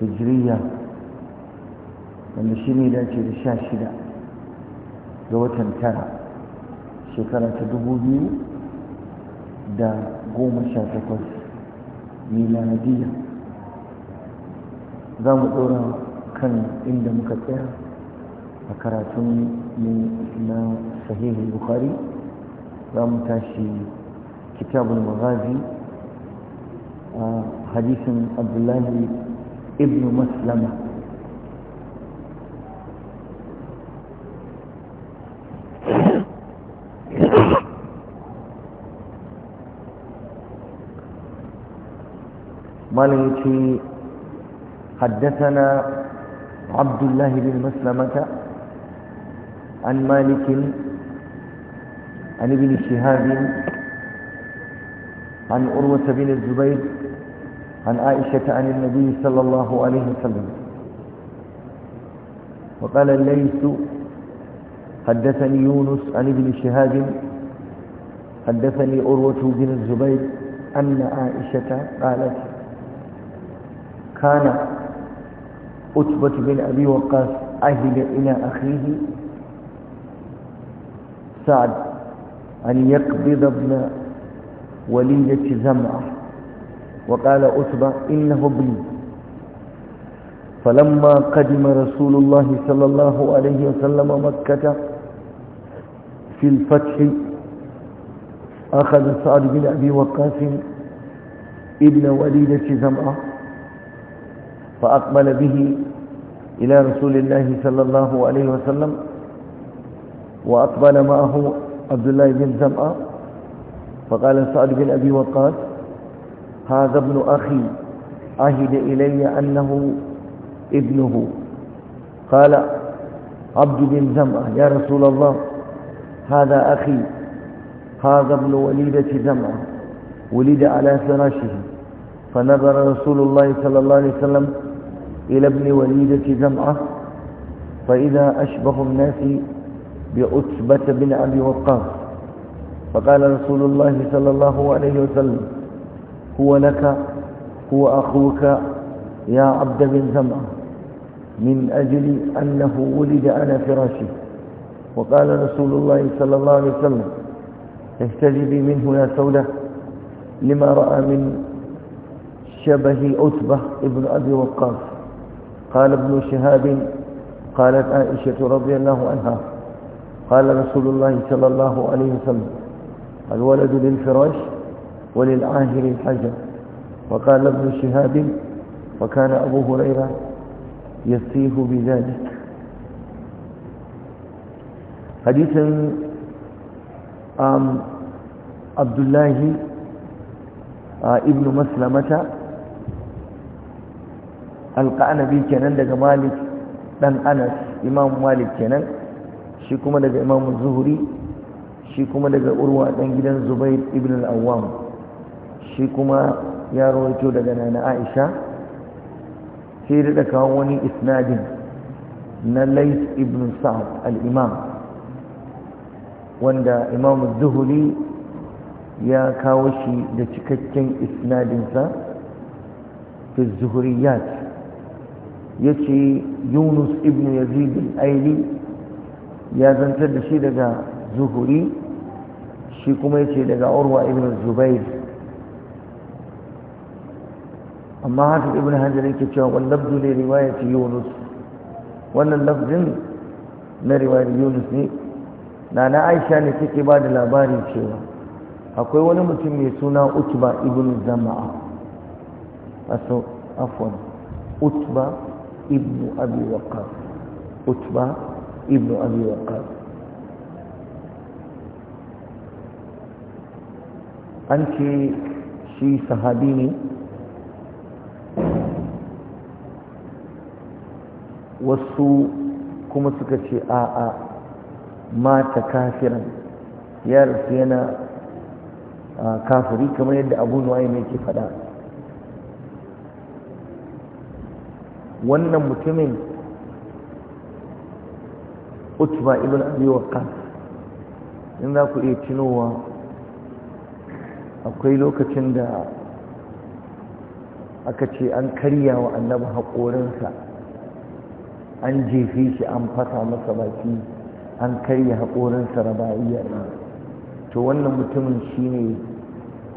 hijriya wanda shi ne dace da sha shida ga watan tara shekara ta dubu biyu da goma sha takwas milanadiyya za mu ɗora kan inda muka tsaya a karatun na sahihin bukari za mu tashi kitabul magazi a hadisin abdullahi ابن مسلمة مالك حدثنا عبد الله بن مسلمة عن مالك عن ابن شهاب عن أروة بن الزبير عن عائشة عن النبي صلى الله عليه وسلم وقال الليث حدثني يونس عن ابن شهاب حدثني أروة بن الزبير أن عائشة قالت كان أتبة بن أبي وقاص عهد إلى أخيه سعد أن يقبض ابن وليدة زمعه وقال أتبع إنه ابني فلما قدم رسول الله صلى الله عليه وسلم مكة في الفتح أخذ سعد بن أبي وقاص ابن وليدة زمعة فأقبل به إلى رسول الله صلى الله عليه وسلم وأقبل معه عبد الله بن زمعة فقال سعد بن أبي وقاص هذا ابن أخي عهد إلي أنه ابنه قال عبد بن زمعة يا رسول الله هذا أخي هذا ابن وليدة زمعة ولد على فراشه فنظر رسول الله صلى الله عليه وسلم إلى ابن وليدة زمعة فإذا أشبه الناس بعتبة بن أبي وقاص فقال رسول الله صلى الله عليه وسلم هو لك هو أخوك يا عبد بن زمعة من أجل أنه ولد على فراشه وقال رسول الله صلى الله عليه وسلم احتجبي منه يا سولة لما رأى من شبه عتبة ابن أبي وقاص قال ابن شهاب قالت عائشة رضي الله عنها قال رسول الله صلى الله عليه وسلم الولد للفراش وللعاهر الحجر وقال ابن شهاب وكان أبو هريرة يصيه بذلك حديث عبد الله آه، ابن مسلمة ألقى كان كنان مالك دان أنس إمام مالك كان شكوما دقى إمام الزهري شكوما دقى أروى دان زبير ابن الأوام shi kuma ya rawaito daga nana aisha sai da kawo wani isnadin na lais ibn sa'ad al-imam wanda imam zuhuri ya kawo shi da cikakken isnadinsa fi zuhuriyat ya ce yunus ibn yazid al-aili ya zantar da shi daga zuhuri shi kuma ya ce daga urwa ibn zubair amma hafiz ibn hajar yake cewa wal ne riwaya ce yunus wannan lafzin na riwayar yunus ne na na aisha ne take ba da labarin cewa akwai wani mutum mai suna utba ibn zama'a aso afon utba ibn abi waqqas utba ibn abi waqqas an ce shi sahabi ne wasu kuma suka ce a'a mata kafiran ya rasu yana kafiri kamar yadda abu nuwaye ne ke faɗa wannan mutumin utba ibn abi kan in za ku iya cinowa, akwai lokacin da aka ce an karya wa annaba haƙorinsa an jefe shi an fasa masa baki an karya haƙorinsa raba'iyya to wannan mutumin shi ne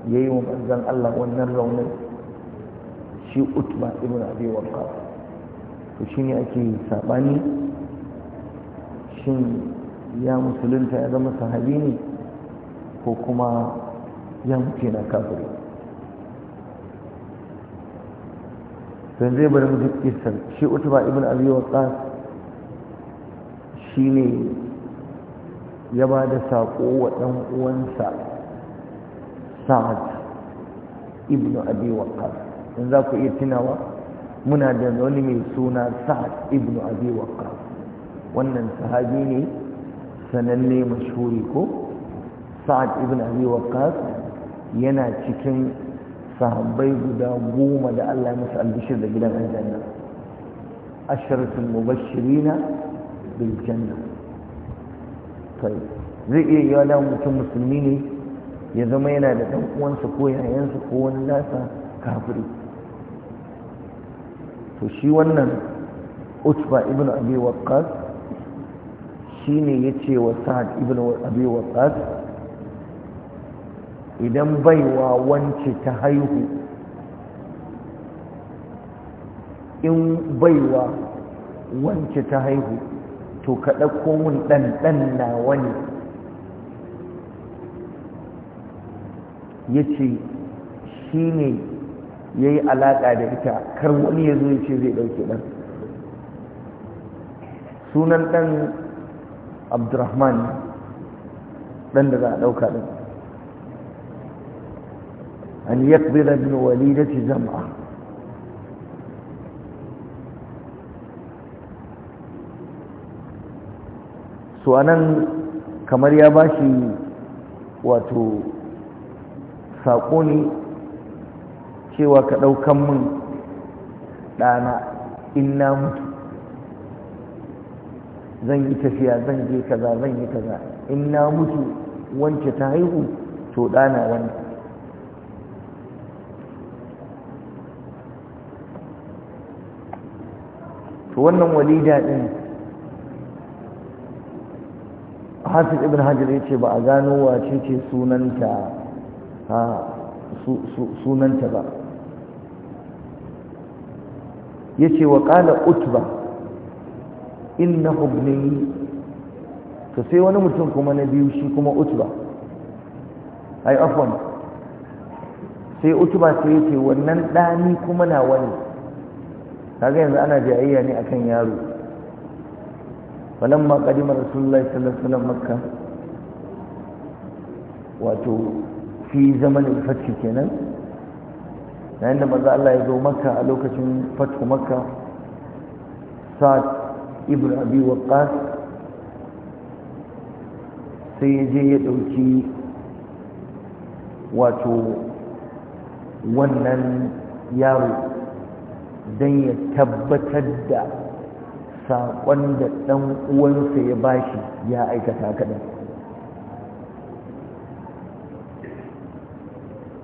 ya yi wa manzan Allah wannan raunin shi utba ibn abi wanka to shi ne ake saɓani shin ya musulunta ya zama sahabi ne ko kuma ya mutu na kafiri to zai bari mu shi utuba ibn abi waqas shine ya ba da saƙo wa ɗan uwansa sa'ad ibn abi waqas in za ku iya tunawa muna da wani mai suna sa'ad ibn abi waqas wannan sahabi ne sananne mashhuri ko sa'ad ibn abi waqas yana cikin sahabbai guda goma da Allah musu albishir da gidan aljanna asharatul mubashirina bil janna zai iya yi wa mutum musulmi ne ya zama yana da ɗan uwansa ko yayansa ko wani nasa kafiri to shi wannan utba ibn abi waqqas ya yace wa sa'ad ibn abi waqqas idan baiwa wance ta haihu in baiwa wance ta haihu to ka ɗauko mun ɗanɗan na wani ya ce shi ne ya yi alaƙa da ita kar wani ya zo ya ce zai ɗauke ɗan sunan ɗan abdurrahman ɗan da za a ɗauka ɗan أن يقبل ابن kamar ya bashi wato saƙo ne cewa ka ɗaukan min ɗana in na mutu zan yi tafiya zan yi kaza in na mutu wance ta haihu to ɗana wani to wannan walida din hafiz ibn hajar ya ce ba a gano wace ce sunanta ba ya ce wa ƙala utba inna hubni to sai wani mutum kuma na biyu shi kuma utba ai afwan sai utba sai ya ce wannan ɗani kuma na wani kaga yanzu ana jayayya ne akan yaro balan qadima rasulullahi sallallahu alaihi wasallam makka wato fi zamanin fatki kenan yayin da manzo Allah ya zo makka a lokacin fatku makka sa'ad ibn abi waqqas sai ya je ya dauki wato wannan yaro don ya tabbatar da saƙon da ɗan uwansa ya bashi ya aikata kaɗan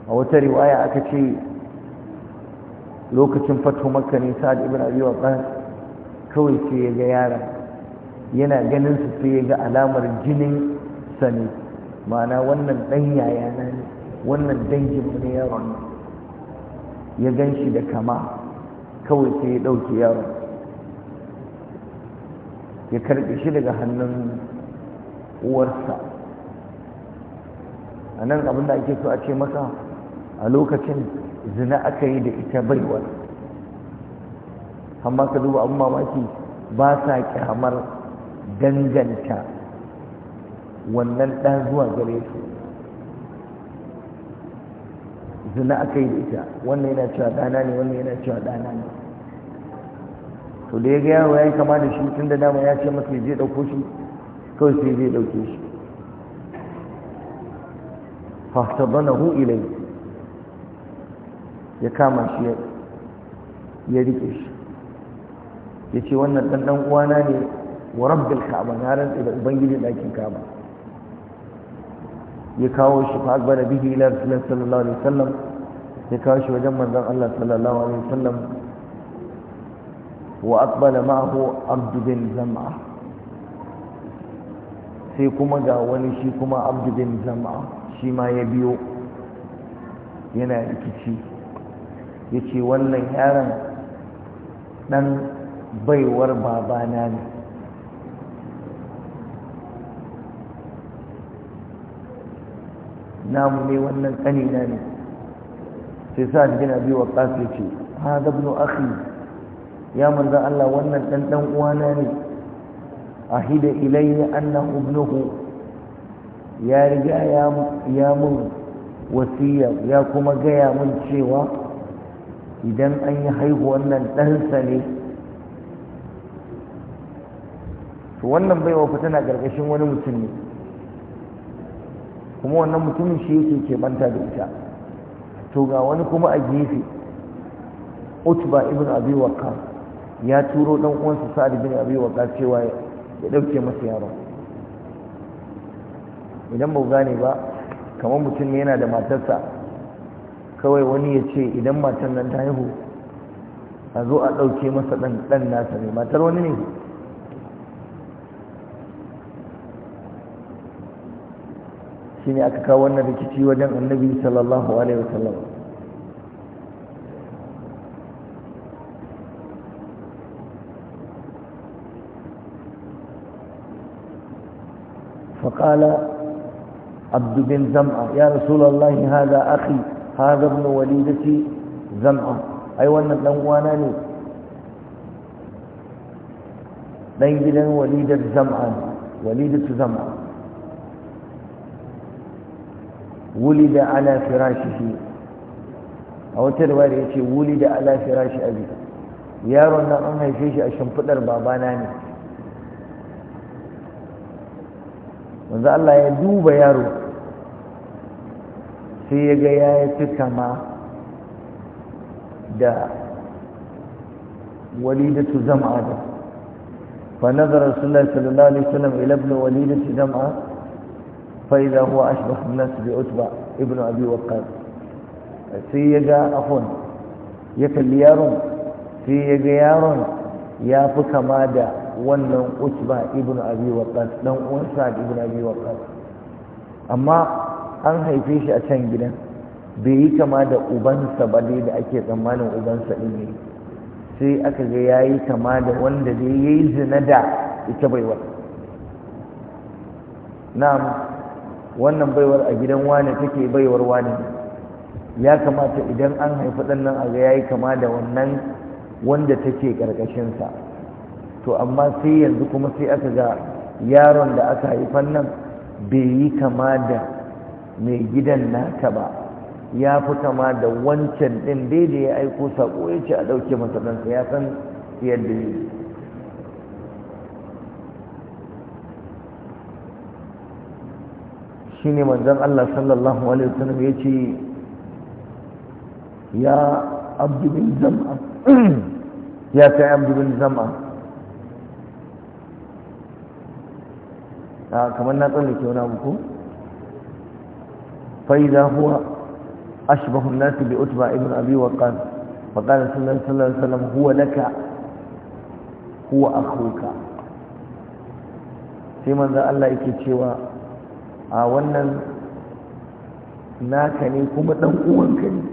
a wata riwaya aka ce lokacin fatu makka ne sa'ad ibn abi waqas kawai sai ya ga yara, yana ganin su sai ya ga alamar jinin sa ne ma'ana wannan ɗan yaya ne wannan dangin ne yaron ya gan shi da kama kawai sai ya ɗauke yaro ya karɓe shi daga hannun uwarsa a nan abinda ake so a ce masa a lokacin zina aka yi da ita baiwar amma ka duba abin mamaki ba sa kyamar danganta wannan ɗan zuwa gare su zina aka yi da ita wannan yana cewa ɗana ne wannan yana cewa ɗana ne to da ya ga yaro ya yi kama da shi tun da dama ya ce masa je ɗauko shi kawai sai zai ɗauke shi fasabanahu ilai ya kama shi ya rike shi ya ce wannan ɗanɗan ɗan uwana ne wa rabbil ka'aba na ranta da ubangiji ɗakin ka'aba ya kawo shi fa akbara bihi ila rasulullah sallallahu alaihi wasallam ya kawo shi wajen manzon Allah sallallahu alaihi wasallam wa aqbala ma'ahu abdu bin zam'a sai kuma ga wani shi kuma abdu bin zam'a shi ma ya biyo yana rikici ya ce wannan yaron dan baiwar babana ne namu ne wannan kanina ne sai sa da gina biyu wa ƙasa ce ha zabnu akhi ya manzan Allah wannan dan dan uwana ne a hida ilayya annan ibnuhu ya riga ya mun wasiya ya kuma gaya mun cewa idan an yi haihu wannan ɗansa ne to wannan baiwa fa tana ƙarƙashin wani mutum ne kuma wannan mutumin shi yake ke banta da ita to ga wani kuma a gefe utba ibn abi waka ya turo dan uwansa sa'ad bin abi waka cewa ya dauke masa yaro idan ba gane ba kamar mutum ne yana da matarsa kawai wani ya ce idan matar nan ta haihu a zo a dauke masa dan dan nasa ne matar wani ne shine aka kawo wannan rikici wajen annabi sallallahu alaihi wasallam فقال عبد بن زمعة يا رسول الله هذا أخي هذا ابن وليدتي زمعة أي وأن الأنوانا لي لين وليدة زمعة وليدة زمعة ولد على فراشه أو تروار يتي ولد على فراش أبي yaron nan an haife shi a shimfiɗar babana ne wanzu Allah ya duba yaro sai ya ga ya yi fi kama da walidatu zama da fa nazara sallallahu alaihi wasallam ila ibn walidatu zama فإذا هو أشبه الناس a ابن أبي وقاص سيجا أخون يكل يارون yaron ya fi kama da wannan utba ibn abi waqas dan uwan sa'ad ibn abi waqas amma an haife shi a can gidan bai yi kama da ubansa ba dai da ake tsammanin ubansa ɗin ne sai aka ga ya yi kama da wanda dai ya yi zina da ita baiwa na'am wannan baiwar a gidan wane take baiwar wane ya kamata idan an haifi ɗan nan a ga yayi kama da wannan wanda take ƙarƙashinsa to amma sai yanzu kuma sai aka ga yaron da aka haifan nan bai yi kama da mai gidan naka ba ya fi kama da wancan ɗin da ya aiko saƙo ya ce a ɗauke masa ɗansa ya san yadda ya yi Shi ne manzon Allah sallallahu alaihi wasallam yace ya abdu zam'a ya kai abdu zam'a a ah, kamar na tsallake wani abu ko fa idza huwa ashbahu an-nas bi utba ibn abi wa فقال صلى الله عليه وسلم هو لك هو أخوك sai manzan Allah yake cewa a wannan naka ne kuma ɗan uwanka ne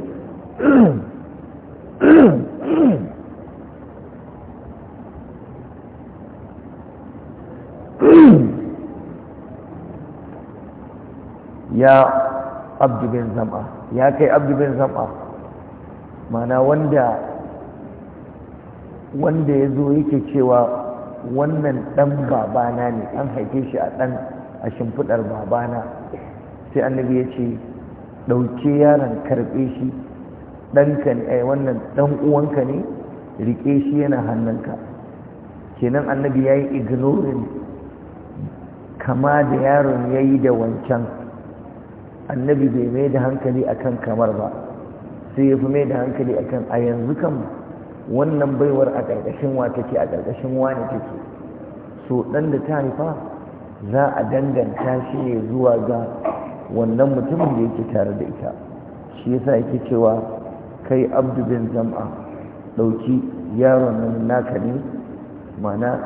ya abdu bin zama ya kai abdu bin zama mana wanda wanda ya zo yake cewa wannan ɗan babana ne an haife shi a ɗan a shimfiɗar babana sai annabi ya ce ɗauke yaron karɓe shi ɗanka ne eh, wannan ɗan uwanka ne riƙe shi yana hannunka kenan annabi ya yi ignorin kama da yaron ya yi da wancan annabi bai mai da hankali akan kamar ba sai ya fi mai da hankali akan a yanzu kan wannan baiwar a ƙarƙashin wa take a ƙarƙashin wa ne take so ɗan da ta haifa za a danganta shi ne zuwa ga wannan mutumin da yake tare da ita shi yasa yake cewa kai abdu bin zam'a ɗauki yaron nan naka ne mana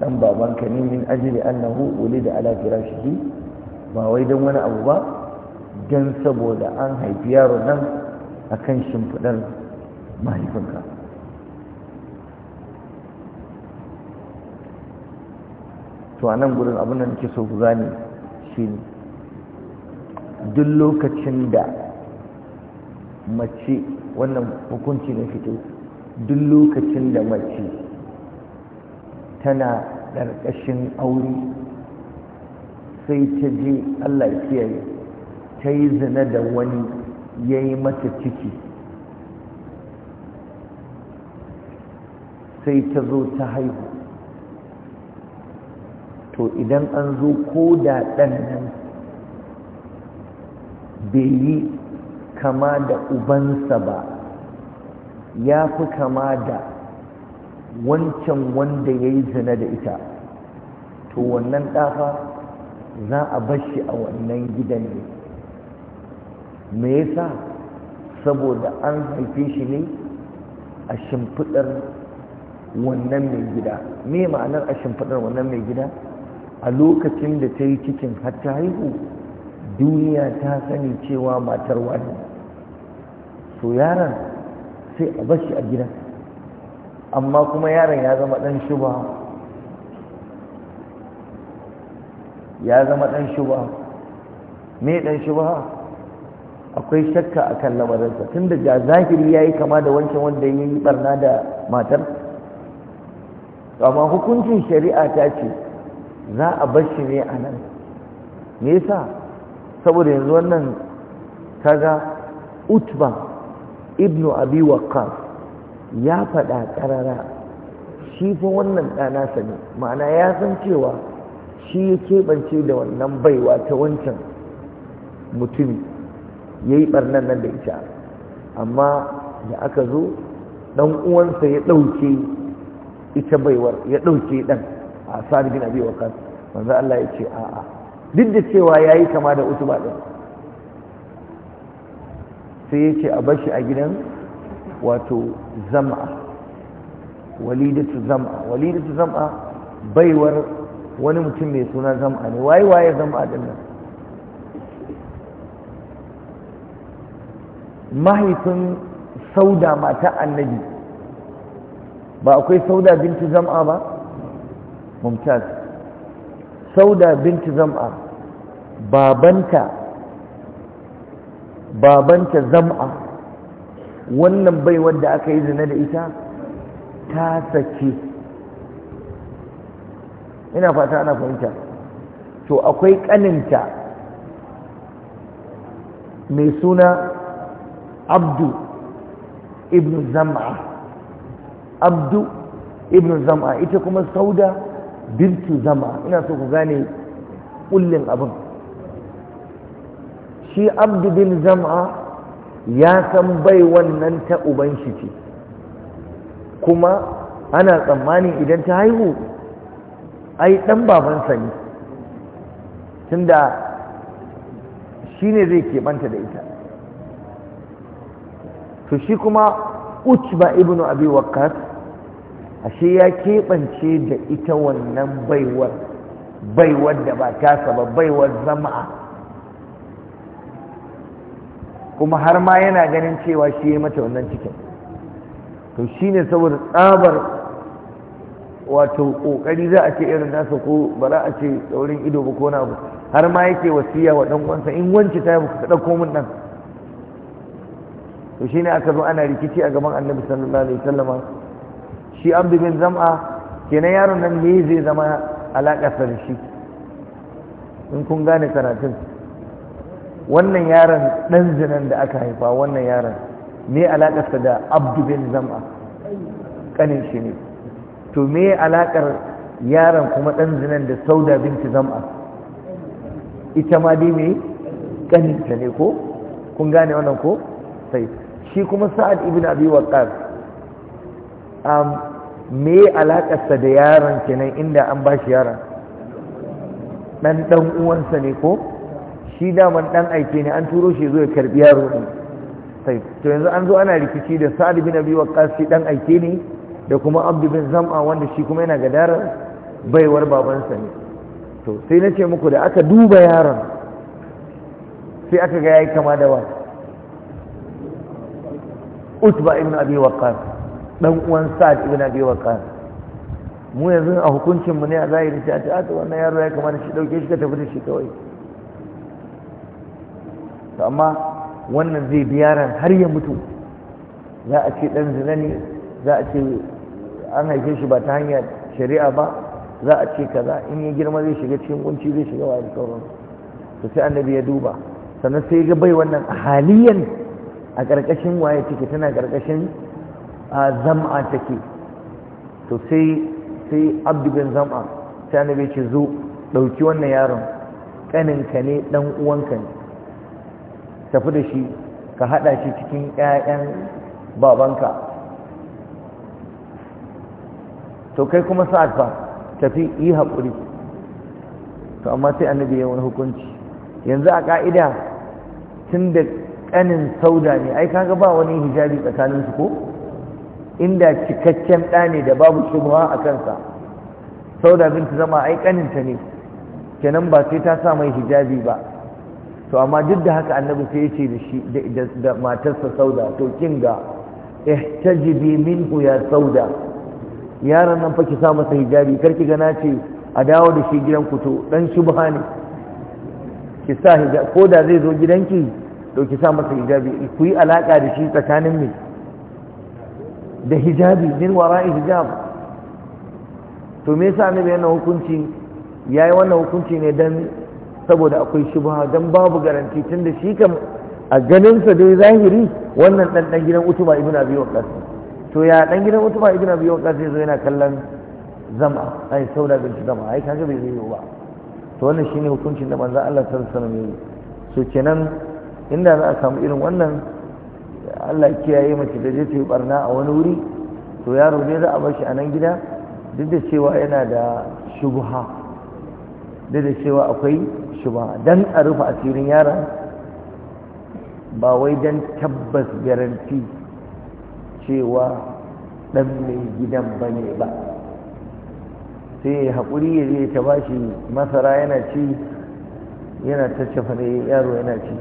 ɗan babanka ne min ajili annahu ulida ala firashihi ba wai don wani abu ba don saboda an haifi yaron nan akan shimfiɗar mahaifinka to a nan gudun abin da nake so ku gane shi ne duk lokacin da mace wannan hukunci na fito duk lokacin da mace tana ƙarƙashin aure sai ta je allah kiyaye ta yi zina da wani ya yi mata ciki sai ta zo ta haihu to idan an zo ko da ɗan nan bai yi kama da ubansa ba ya fi kama da wancan wanda ya yi zina da ita to wannan ɗafa za a bashi a wannan gidan ne me yasa saboda an haife shi ne a shimfiɗar wannan mai gida me ma'anar a shimfiɗar wannan mai gida a lokacin da ta yi cikin hatta haihu duniya ta sani cewa matar wani to yaron sai a bashi a gida amma kuma yaron ya zama ɗan shuba ya zama dan shuba me dan shuba akwai shakka a kan lamarinsa tun da ga zahiri ya yi kama da wancan wanda ya yi barna da matar amma hukuncin shari'a ta ce za a bar shi ne a nan me yasa saboda yanzu wannan kaga utba ibnu abi waqqas ya faɗa ƙarara shi fa wannan ɗana sani ma'ana ya san cewa shi ya keɓance da wannan baiwa ta wancan mutumi ya yi ɓarnan nan da ita amma da aka zo ɗan uwansa ya ɗauke ita baiwar ya ɗauke ɗan a sa'ad bin abi waqas manzo Allah ya ce a'a duk da cewa yayi kama da utuba din sai ya ce a bashi a gidan wato zam'a walidatu zam'a walidatu zam'a baiwar wani mutum mai suna zam'a ne waye waye zam'a din nan mahaifin sauda mata annabi ba akwai sauda bintu zam'a ba mumtaz sauda binti zam'a babanta babanta zam'a wannan bai wadda aka yi zina da ita ta sake ina fata ana fahimta to akwai ƙaninta mai suna abdu ibn zam'a ita kuma sauda bintu zama ina so ku gane kullin abin shi abdu bin zama ya san bai wannan ta uban shi ce kuma ana tsammanin idan ta haihu ai dan babansa ne tunda shi ne zai keɓanta da ita to shi kuma utba ibnu abi waqqas ashe ya keɓance da ita wannan baiwar baiwar da ba tasa ba baiwar zamaa kuma har ma yana ganin cewa shi ya mata wannan cikin to shi ne saboda tsabar wato ƙoƙari za a ce irin nasa ko ba za a ce tsaurin ido ba ko na ba har ma yake wasiya wa ɗan wansa in wanci ta yi ka ɗauko min nan to shi ne aka zo ana rikici a gaban annabi sallallahu alaihi wasallama shi abdubin bin zam'a na yaron nan me zai zama alaƙasa da shi in kun gane karatun wannan yaron ɗan zinan da aka haifa wannan yaron me alaƙasa da abdu bin zam'a ƙanin shi ne to me alaƙar yaron kuma ɗan zinan da sauda binci zam'a ita ma dai me ta ne ko kun gane wannan ko sai shi kuma sa'ad ibn abi waqqas Um, me alakarsa da yaron kenan inda an ba shi yaron dan ɗan uwansa ne ko shi daman dan aike ne an turo shi zo ya karbi yaro ne sai to yanzu an zo ana rikici da Sa'ad bin Abi Waqqas shi dan aike ne da kuma abdu bin Zam'a wanda shi kuma yana gadarar baiwar babansa ne to sai ce muku da aka duba yaron sai aka ga yayi kama da wa Utba ibn Abi Waqqas dan uwan sa'ad ibn abi waqas mu yanzu a hukuncin mu ne a zahiri ta ta ta wannan yaro ya kamata shi dauke shi ka tafi da shi kawai to amma wannan zai bi yaron har ya mutu za a ce dan zina ne za a ce an haife shi ba ta hanyar shari'a ba za a ce kaza in ya girma zai shiga cikin kunci zai shiga wa sauran to sai annabi ya duba sannan sai ya ga bai wannan haliyan a ƙarƙashin waye take tana ƙarƙashin zam'a take to sai sai abdu bin zam'a sai annabi ce zo dauki wannan yaron kaninka ne dan uwanka ne tafi da shi ka hada shi cikin ƴaƴan babanka to kai kuma sa'ad fa tafi yi hakuri to amma sai annabi ya wani hukunci yanzu a ka'ida tun da ƙanin sauda ne ai kaga ba wani hijabi tsakaninsu ko inda cikakken ɗa ne da babu shubuwa a kansa sauda binta zama yi ƙaninta ne kenan ba sai ta sa mai hijabi ba to amma duk da haka annabi sai yace da shi da matarsa sauda to kinga ihtajibi minhu ya sauda yaron nan fa ki sa masa hijabi karki ga na ce a dawo da shi gidan ku to dan shubha ne ki sa hijabi ko da zai zo gidanki to ki sa masa hijabi ku yi alaka da shi tsakanin mai da hijabi min wara'i hijab to me yasa annabi yana hukunci yayi wannan hukunci ne dan saboda akwai shubha dan babu garanti tunda shi kam a ganin sa dai zahiri wannan dan dan gidan utuba ibn abi waqas to ya dan gidan utuba ibn abi waqas zai zo yana kallon zama ai sauda bin zama ai kaga bai zai ba to wannan shine hukuncin da manzo Allah sallallahu alaihi wasallam yayi so kenan inda za a samu irin wannan Allah kiyaye mace da zai ta yi barna a wani wuri to yaro ne za a bar shi a nan gida duk da cewa yana da shubha duk da cewa akwai shubha dan a rufe asirin yaron ba wai dan tabbas garanti cewa dan mai gidan bane ba sai ya haƙuri ya je ta bashi masara yana ci yana ta ne yaro yana ci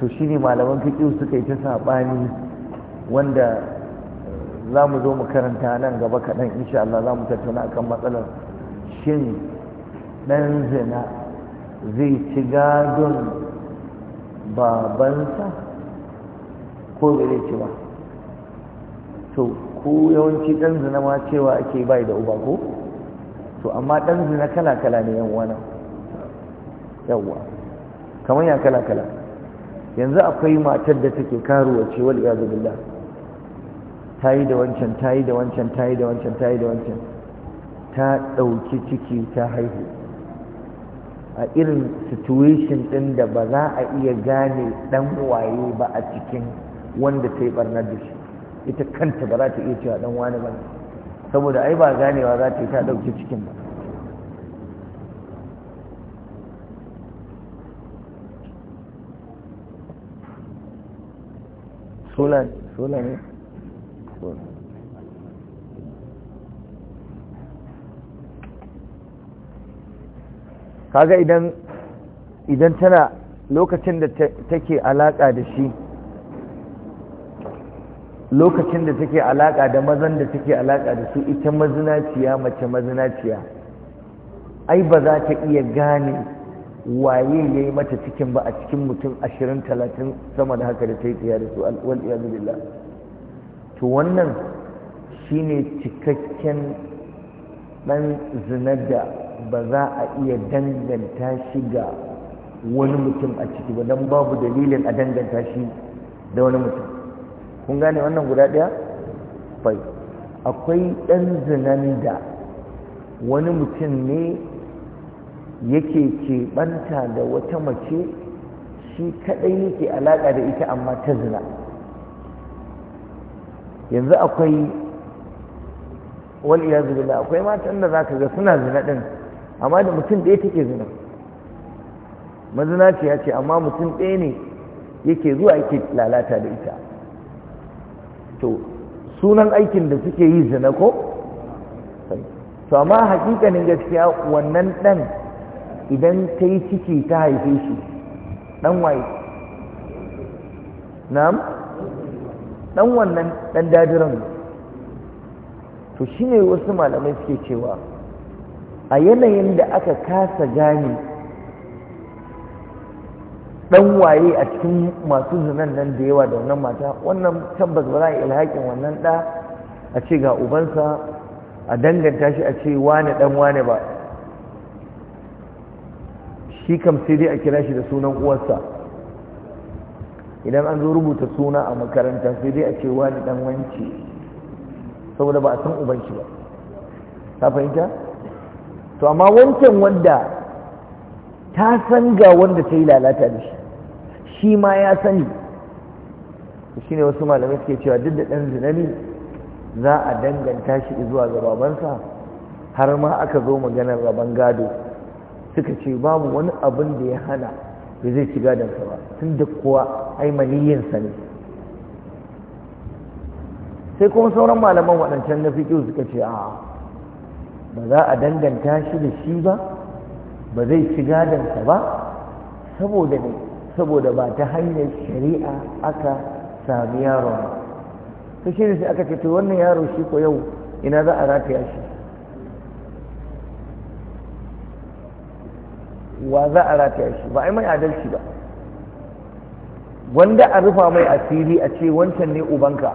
to shi ne malaman fiƙi suka yi ta saɓani wanda za mu zo mu karanta nan gaba kaɗan insha Allah za mu tattauna akan matsalar shin ɗan zina zai ci gadon babansa ko bai ci ba to ko yawanci ɗan zina ma cewa ake bai da uba ko to amma ɗan zina kala-kala ne yan wani. yawwa kamar ya kala-kala yanzu akwai matar da take karuwa ce wal iyazu billah ta da wancan tayi da wancan tayi da wancan tayi da wancan ta ɗauki ciki ta haihu a irin situation ɗin da ba za a iya gane ɗan waye ba a cikin wanda ta yi ɓarnar da shi ita kanta ba za ta iya cewa dan wani ba saboda ai ba ganewa za ta yi ta ɗauki cikin ba sola sola ne eh? kaga idan idan tana lokacin da take alaka da shi lokacin da take alaka da mazan da take alaka da su ita mazinaciya mace mazinaciya ai ba za ta iya gane waye ya yi mata cikin ba a cikin mutum ashirin talatin sama da haka da ta yi tsaye da su wal iyadu billah to wannan shine cikakken ɗan zinar da ba za a iya danganta shi ga wani mutum a ciki ba don babu dalilin a danganta shi da wani mutum kun gane wannan guda ɗaya? fai akwai ɗan zinan da wani mutum ne yake keɓanta da wata mace shi kaɗai yake alaƙa da ita amma ta zina yanzu akwai waliyazu da akwai matan da ka ga suna zina ɗin amma da mutum ɗaya take zina mazinaci ya ce amma mutum ɗaya ne yake zuwa yake lalata da ita to sunan aikin da suke yi zina ko to amma hakikanin gaskiya wannan ɗan idan ta yi ciki ta haife shi ɗan waye na'am ɗan wannan ɗan dadiran to shi wasu malamai suke cewa a yanayin da aka kasa gane ɗan waye a cikin masu zunan nan da yawa da wannan mata wannan tabbas ba za a ilhaƙin wannan ɗa a ce ga ubansa a danganta shi a ce wane ɗan wane ba shi kam sai dai a kira shi da sunan uwarsa idan an zo rubuta suna a makaranta sai dai a ce wani dan wanci saboda ba a san uban shi ba ta fahimta to amma wancan wanda ta san ga wanda ta yi lalata da shi shi ma ya sani shi ne wasu malamai suke cewa duk da ɗan zinani za a danganta shi zuwa ga babansa har ma aka zo maganar rabon gado suka ce babu wani abin da ya hana da zai ci gadonsa ba tun da kuwa ai maniyinsa ne sai kuma sauran malaman waɗancan na fiƙi suka ce a ba za a danganta shi da shi ba ba zai ci gadonsa ba saboda ne saboda ba ta hanyar shari'a aka sami yaron ba sai shi ne sai aka ce to wannan yaro shi ko yau ina za a rataya shi wa za a rataya shi ba a mai adalci ba wanda a rufa mai asiri a ce wancan ne ubanka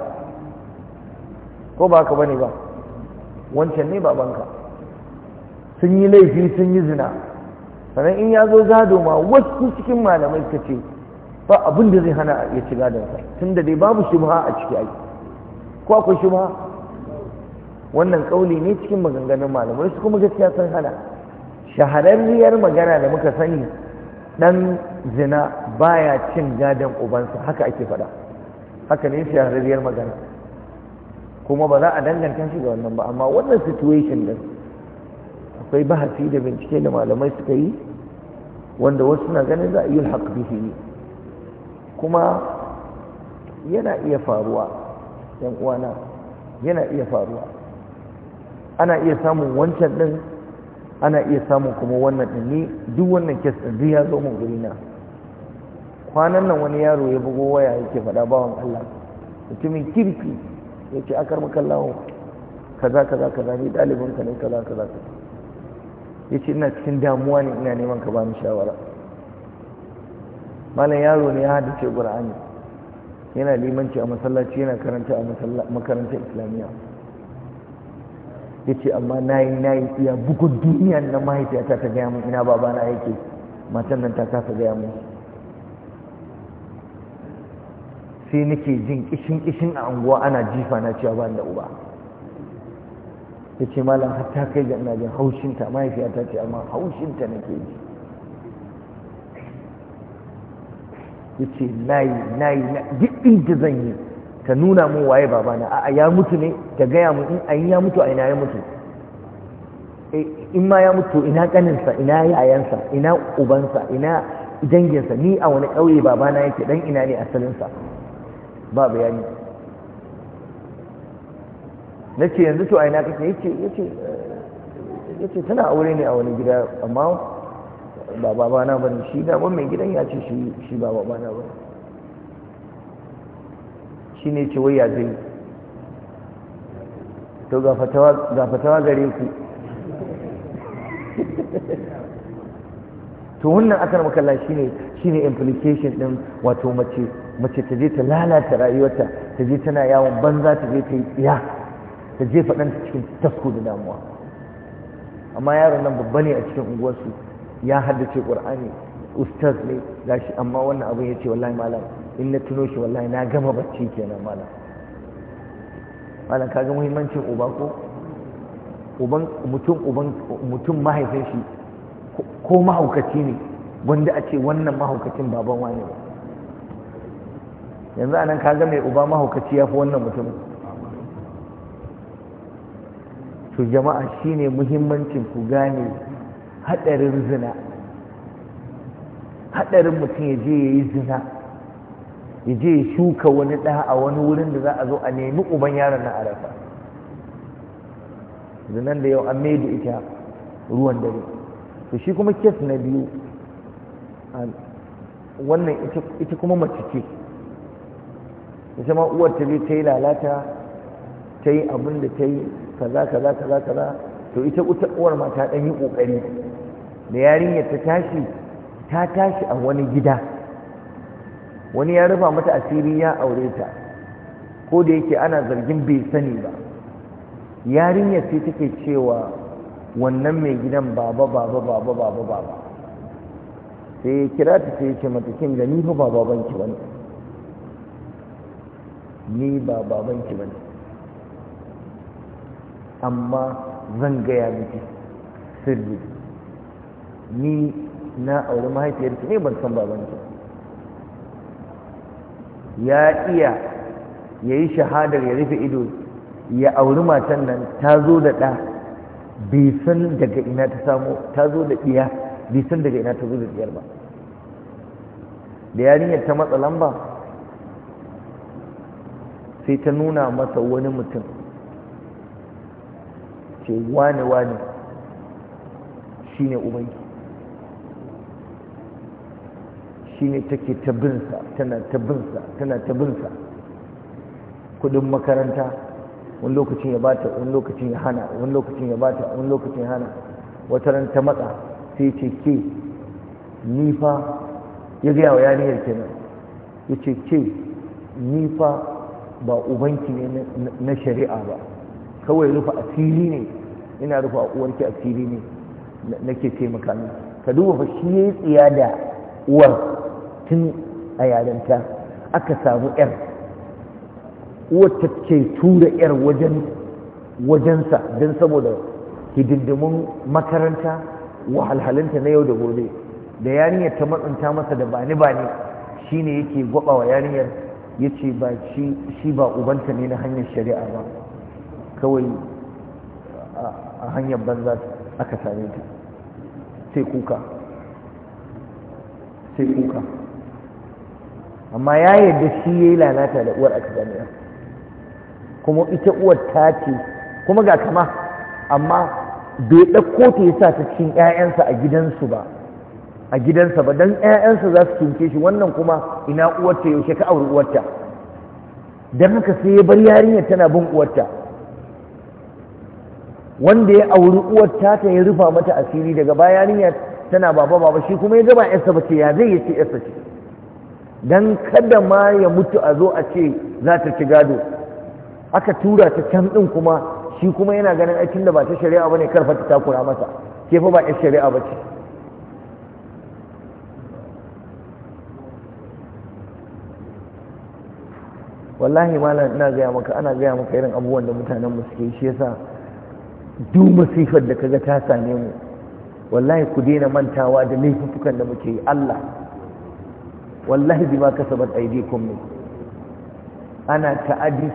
ko ba ka bane ba wancan ne babanka sun yi laifi sun yi zina sannan in ya zo gado ma wasu cikin malamai ka ce ba abin da zai hana ya ci gadonsa tun da dai babu shubha a ciki ai ko akwai shubha wannan kauli ne cikin maganganun malamai su kuma gaskiya sun hana shahararriyar magana da muka sani dan zina baya cin gadon ubansa haka ake faɗa haka ne shahararriyar magana kuma ba za a danganta shi ga wannan ba amma wannan situation din akwai bahasi da bincike da malamai suka yi wanda wasu suna ganin za a yi haƙ bihi kuma yana iya faruwa yan uwana yana iya faruwa ana iya samun wancan din ana iya samun kuma wannan ɗin duk wannan kes ɗin duk ya zo mun guri na kwanan nan wani yaro ya bugo waya yake faɗa bawan Allah mutumin kirki ya akar maka lawo kaza kaza kaza ni ɗalibin ka ne kaza kaza ya ina cikin damuwa ne ina neman ka bani shawara malam yaro ne ya haddace qur'ani yana limanci a masallaci yana karanta a makarantar islamiyya ya ce amma na yi na yi iya bugun duniyan na mahaifiyata ta gaya mun ina babana yake matan nan ta kasa gaya mun sai nake jin kishin kishin a anguwa ana jifa na cewa ban da uba ya ce malam har ta kai ga ina jin haushinta mahaifiyata ce amma haushinta nake ji ya ce na yi na yi duk inda zan yi ta nuna mun waye babana a'a ya mutu ne ta gaya mun in ayin ya mutu a ina ya mutu eh, in ma ya mutu ina kaninsa ina yayansa ina ubansa ina danginsa ni a wani ƙauye babana yake dan ina ne asalinsa ba bayani na ce yanzu to a ina kake yace yace tana aure ne a wani gida amma ba babana bane shi da mai gidan ya ce shi ba babana bane shi ne ce ya zai to ga fatawa gare ku to wannan akar makalla shine shine implication din wato mace mace ta je ta lalata rayuwarta ta je tana yawon banza ta je ta yi tsiya ta je faɗan cikin tasko da damuwa amma yaron nan babba ne a cikin unguwarsu ya haddace ƙur'ani ustaz ne gashi amma wannan abin ya ce wallahi malam in na tuno shi wallahi na gama bacci kenan malam malam kaga muhimmancin uba ko uban mutum uban mutum mahaifin shi ko mahaukaci ne wanda a ce wannan mahaukacin baban wani ne yanzu anan kaga mai uba mahaukaci ya fi wannan mutum? to jama'a shine muhimmancin ku gane hadarin zina haɗarin mutum ya je ya yi zina ya je ya shuka wani ɗa a wani wurin da za a zo a nemi uban yaron na arafa zinan da yau an mai da ita ruwan dare to shi kuma kes na biyu wannan ita kuma mace ce ita ma uwar ta ta yi lalata ta yi abin da ta yi kaza kaza kaza kaza to ita uwar ma ta ɗan yi ƙoƙari da yarinyar ta tashi ta tashi a wani gida wani ya rufa mata asiri ya aure ta ko da yake ana zargin bai sani ba yarinyar ce take cewa wannan mai gidan baba baba baba baba baba sai ya kira ta sai ya ce mata kin gani ni fa ba babanki bane ni ba babanki bane amma zan gaya miki sirri ni na auri mahaifiyarki ne ban san babanki ya iya ya yi shahadar ya rufe ido ya auri matan nan ta zo da ɗa bai san daga ina ta samu ta zo da ɗiya bai san daga ina ta zo da ɗiyar ba da yarinyar ta matsa lamba sai ta nuna masa wani mutum ce wane wane shi ne ubanki shi ne take ta binsa tana ta binsa tana ta binsa kudin makaranta wani lokacin ya bata wani lokacin ya hana wani lokacin ya bata wani lokacin ya hana wata ran ta matsa sai ce ke nifa ya gaya wa yarinyar kenan ya ce ke nifa ba ubanki ne na shari'a ba kawai rufa asiri ne ina rufa a uwarki asiri ne nake taimaka miki ka duba fa shi ya yi tsiya da uwar tun a yarinta aka samu yar wata ce tura yar wajensa don saboda hidindimun makaranta wahalhalinta na yau da gobe da yarinyar ta matsanta masa da bani bani shine yake gwaba wa yarinyar ya ce ba shi ba ubanta ne na hanyar shari'a ba kawai a hanyar banza aka same ta sai kuka sai kuka amma ya yadda shi ya yi lalata da uwar aka gani kuma ita uwar ta ce kuma ga kama amma bai ɗauko ta sa ta cin ya'yansa a gidansu ba a gidansa ba don ya'yansa za su cince shi wannan kuma ina uwarta yaushe ka auri uwarta don haka sai ya bar yarinyar tana bin uwarta wanda ya auri uwarta ta ya rufa mata asiri daga baya yarinya tana baba baba shi kuma ya gaba yarsa ce ya zai yace yarsa ce don kada ma ya mutu a zo a ce za ta ci gado aka tura ta can ɗin kuma shi kuma yana ganin aikin da ba ta shari'a ba ne karfa ta takura masa ke fa ba ta shari'a ba ce wallahi malam ina gaya maka ana gaya maka irin abubuwan da mutanen mu suke shi yasa duk masifar da kaga ta same mu wallahi ku daina mantawa da laifukan da muke yi Allah wallahi bima kasabat aydikum ne ana ta'adi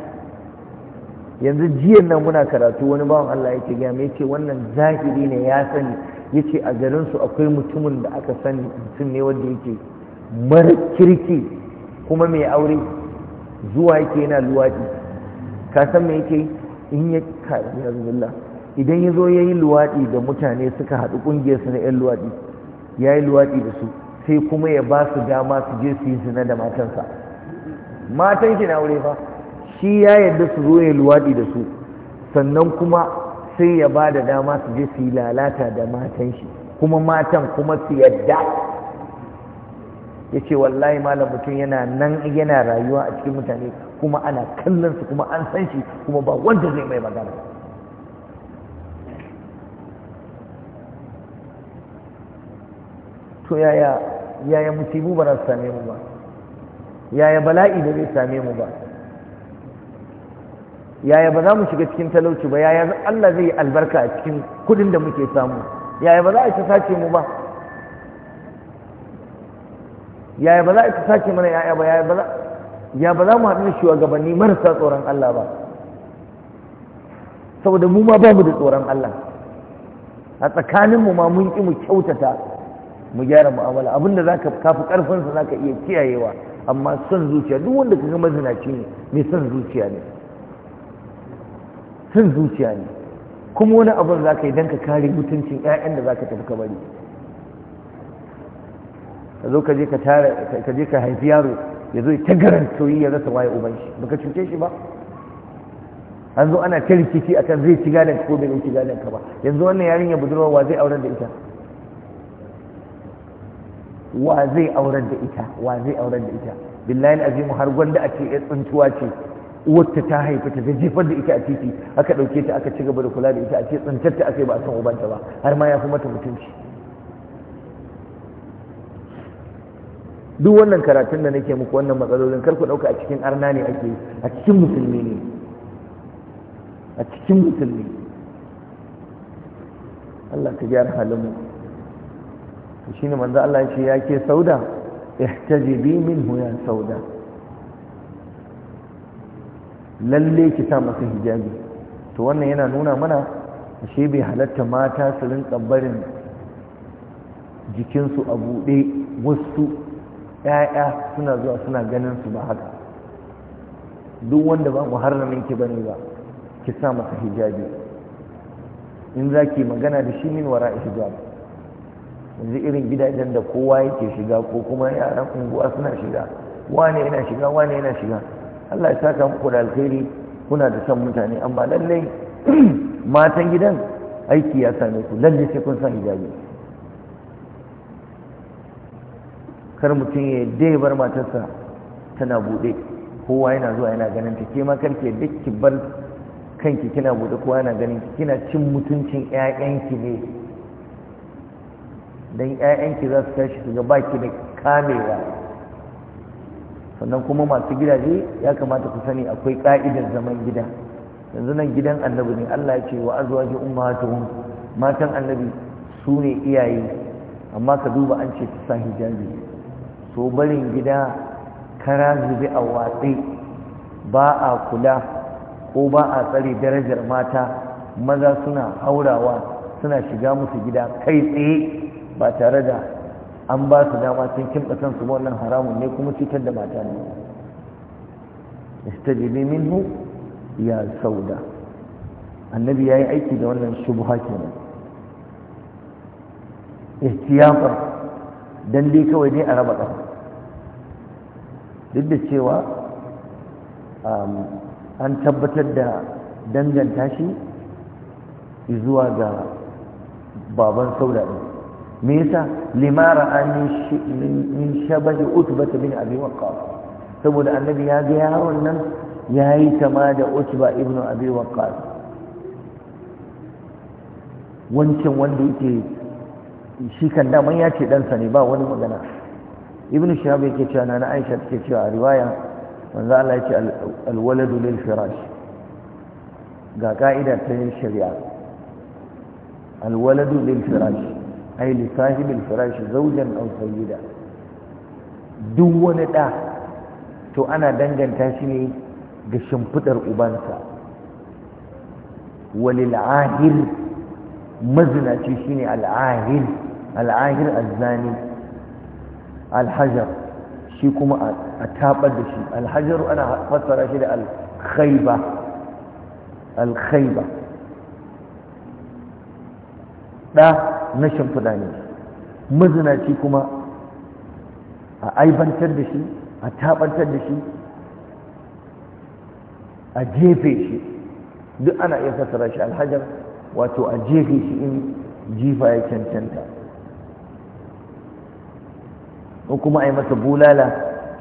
yanzu jiyan nan muna karatu wani bawan Allah yake ga me yace wannan zahiri ne ya sani yace a garin su akwai mutumin da aka sani mutum ne wanda yake mara kirki kuma mai aure zuwa yake yana luwaɗi ka san me yake in ya kaji azumillah idan ya zo ya yi luwaɗi da mutane suka haɗu ƙungiyarsu na 'yan luwaɗi ya yi luwaɗi da su sai kuma ya ba su dama su je su yi zina da matansa matan shi na aure fa shi ya yarda su zo ya luwaɗi da su sannan kuma sai ya ba da dama su je su yi lalata da matan shi kuma matan kuma su yadda ya ce wallahi malam mutum yana nan yana rayuwa a cikin mutane kuma ana kallon su kuma an san shi kuma ba wanda zai mai magana to yaya yaya musibu ba za su same mu ba yaya bala'i ba zai same mu ba yaya ba za mu shiga cikin talauci ba yaya Allah zai albarka a cikin kudin da muke samu yaya ba za a ci sace mu ba yaya ba za a ci sace mana yaya ba yaya ba za ya ba za mu haɗu da shugabanni marasa tsoron Allah ba saboda mu ma ba mu da tsoron Allah a tsakaninmu ma mun ƙi mu kyautata mu gyara mu'amala abinda za ka kafi karfinsa za ka iya kiyayewa amma son zuciya duk wanda ka ga mazinaci ne mai son zuciya ne son zuciya ne kuma wani abin za ka yi don ka kare mutuncin 'ya'yan da za ka tafi kamari. ka zo ka je ka haifi yaro ya zo ta garantoyi ya rasa waye uban shi baka cuce shi ba an zo ana ta rikici akan zai ci gadon ko bai ci gadon ka ba yanzu wannan yarinyar budurwa wa zai auren da ita wa zai aurar da ita wa zai aurar da ita billahi azimu har gwanda a ce tsuntuwa ce uwarta ta haifa ta jefar da ita a titi aka ɗauke ta aka ci gaba da kula da ita a ce tsintar ta aka ba a san ubanta ba har ma ya fi mata mutunci duk wannan karatun da nake muku wannan matsalolin kar ku ɗauka a cikin arna ne ake a cikin musulmi ne a cikin musulmi Allah ka gyara halin mu ne manzo Allah ya ce ya ke sauda ihtajibi minhu ya sauda lalle ki sa masa hijabi to wannan yana nuna mana shi bai halatta mata su rinka barin jikinsu a buɗe wasu ‘ya'ya suna zuwa suna ganin su ba haka duk wanda ba mu harnamin ki bane ba ki sa masa hijabi in za ki magana da shi min wara hijabi yanzu irin gidajen da kowa yake shiga ko kuma yaran unguwa suna shiga wane yana shiga wane yana shiga Allah ya saka muku da alkhairi kuna da son mutane amma lallai matan gidan aiki ya same ku lallai sai kun san hijabi kar mutum ya dai bar matarsa tana buɗe kowa yana zuwa yana ganin ta ke ma karke duk ki bar kanki kina buɗe kowa yana ganin ki kina cin mutuncin ƴaƴanki ne dan ƴaƴanki za su tashi su ga baki da kamewa sannan kuma masu gidaje ya kamata ku sani akwai ƙa'idar zaman gida yanzu nan gidan annabi ne Allah ya ce wa azwaji ummahatuhum matan annabi su ne iyaye amma ka duba an ce ta sa hijabi so barin gida kara zube a watsi ba a kula ko ba a tsare darajar mata maza suna haurawa suna shiga musu gida kai tsaye ba tare da an ba su dama sun kimɗa kansu wannan haramun ne kuma cutar da mata ne jibi minhu ya sauda annabi ya yi aiki da wannan shubha kenan ihtiyafar don dai kawai dai a raba ƙasa duk da cewa um, an tabbatar da danganta shi zuwa ga baban sauda ɗin me yasa limara an min shabahi utba bin abi waqqas saboda annabi ya ga yaron nan yayi kama da utba ibnu abi waqqas wancan wanda yake shi kan da man ya ce ɗansa ne ba wani magana ibnu shahab yake cewa na aisha take cewa a riwaya manzo Allah yake alwaladu lil firash ga ka'ida ta shari'a alwaladu lil firash ai li sahibil firash zaujan aw sayyida duk wani da to ana danganta shi ne ga shimfidar ubansa walil ahir mazinaci shine al ahir al ahir shi kuma a tabar da shi Alhajar ana fassara shi da al khayba da na shimfiɗa ne mazinaci kuma a aibantar da shi a taɓantar da shi a jefe shi duk ana iya fasara shi alhajar wato a jefe shi in jifa ya cancanta ko kuma a yi masa bulala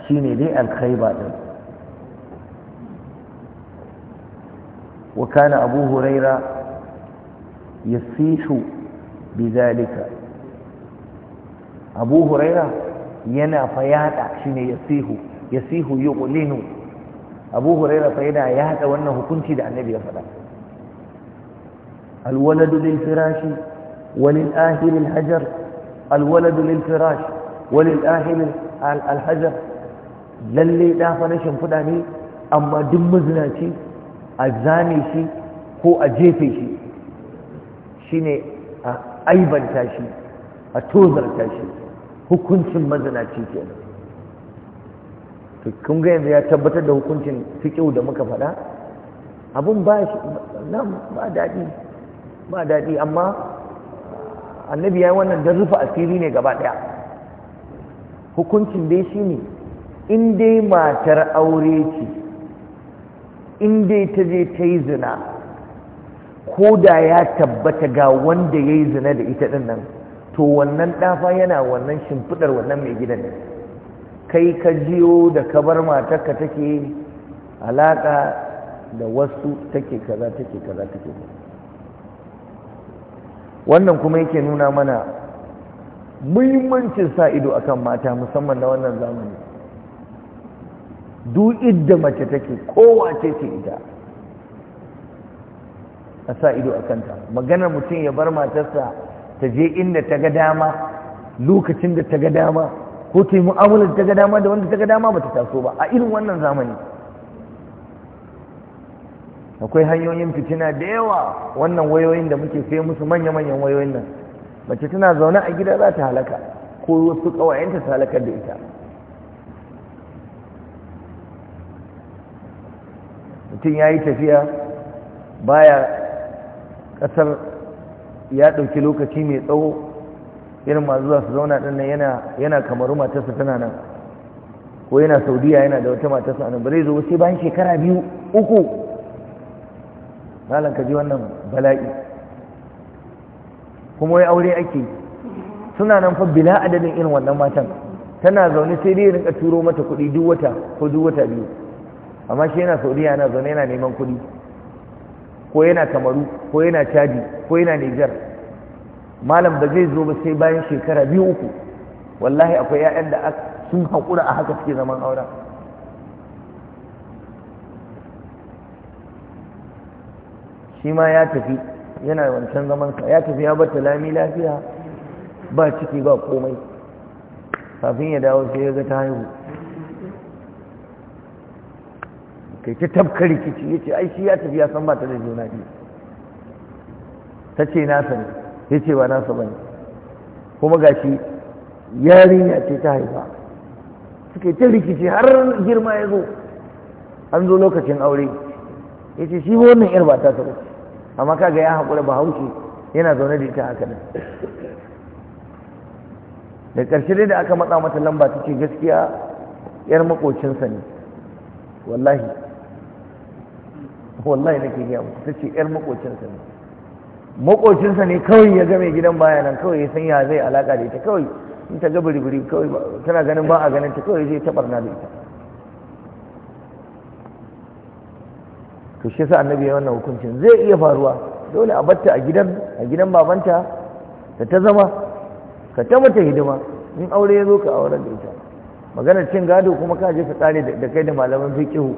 shi ne dai alkhaiba ɗin wa kana abu huraira ya bizalika abu huraira yana fayada shine yasihu yasihu yuqlinu abu huraira fa yana yada wannan hukunci da annabi ya faɗa alwaladu lil firashi walil ahir al hajar alwaladu firash walil ahir al lalle da fa na amma duk a zane shi ko a jefe shi shine aibanta shi a tozarta shi hukuncin mazinaci kenan to kun ga yanzu ya tabbatar da hukuncin kyau da muka faɗa Abin ba shi nan ba daɗi ba daɗi amma annabi ya yi wannan don rufe asiri ne gaba ɗaya hukuncin dai shi ne in dai matar aure ce in dai ta je ta yi zina ko da ya tabbata ga wanda ya yi zina da ita ɗin nan to wannan ɗafa yana wannan shimfiɗar wannan mai gidan ne kai ka jiyo da ka bar matarka take alaƙa da wasu take kaza take kaza take wannan kuma yake nuna mana muhimmancin sa ido akan mata musamman na wannan zamani duk idda mace take kowa ce ce ita a sa ido a kanta maganar mutum ya bar matarsa ta je inda ta ga dama lokacin da ta ga dama ko ta yi mu'amalar ta ga dama da wanda ta ga dama ba ta taso ba a irin wannan zamani akwai hanyoyin fitina da yawa wannan wayoyin da muke sai musu manya-manyan wayoyin nan mace tana zaune a gida za ta halaka ko wasu ƙawayenta ta halakar da ita mutum ya yi tafiya baya ƙasar ya ɗauki lokaci mai tsawo irin masu zuwa su zauna ɗin nan yana kamaru matarsa tana nan ko yana saudiya yana da wata matarsa nan bare zai zo sai bayan shekara biyu uku malam ka ji wannan bala'i kuma wai aure ake suna nan fa bila adadin irin wannan matan tana zaune sai dai rinka turo mata kuɗi duk wata ko duk wata biyu amma shi yana saudiya yana zaune yana neman kuɗi ko yana kamaru ko yana chadi ko yana niger malam ba zai zo ba sai bayan shekara biyu uku wallahi akwai 'ya'yan da sun haƙura a haka suke zaman aure. shi ma ya tafi yana wancan zamanka ya tafi ya bata lami lafiya ba ciki ba komai kafin ya dawo sai ya ga ta haihu kai ta tabkar rikici ya ce ai shi ya tafi ya san ba ta da juna biyu ta ce nasa ne ya ce ba nasa ba ne kuma ga shi yarinya ce ta haifa kai ta rikici har girma ya zo an zo lokacin aure ya ce shi wannan yar ba ta saba amma kaga ya haƙura ba haushi yana zaune da ita haka nan da ƙarshe dai da aka matsa mata lamba ta ce gaskiya yar makocinsa ne wallahi wallahi nake gaya muku ta ce yar makocinsa ne makocinsa ne kawai ya ga mai gidan baya nan kawai ya san ya zai alaka da ita kawai in ta ga biri kawai tana ganin ba a ganin ta kawai zai na da ita to shi sa annabi ya wannan hukuncin zai iya faruwa dole a batta a gidan a gidan babanta da ta zama ka ta mata hidima in aure ya zo ka auren da ita maganar cin gado kuma ka je ka tsare da kai da malaman fiqihu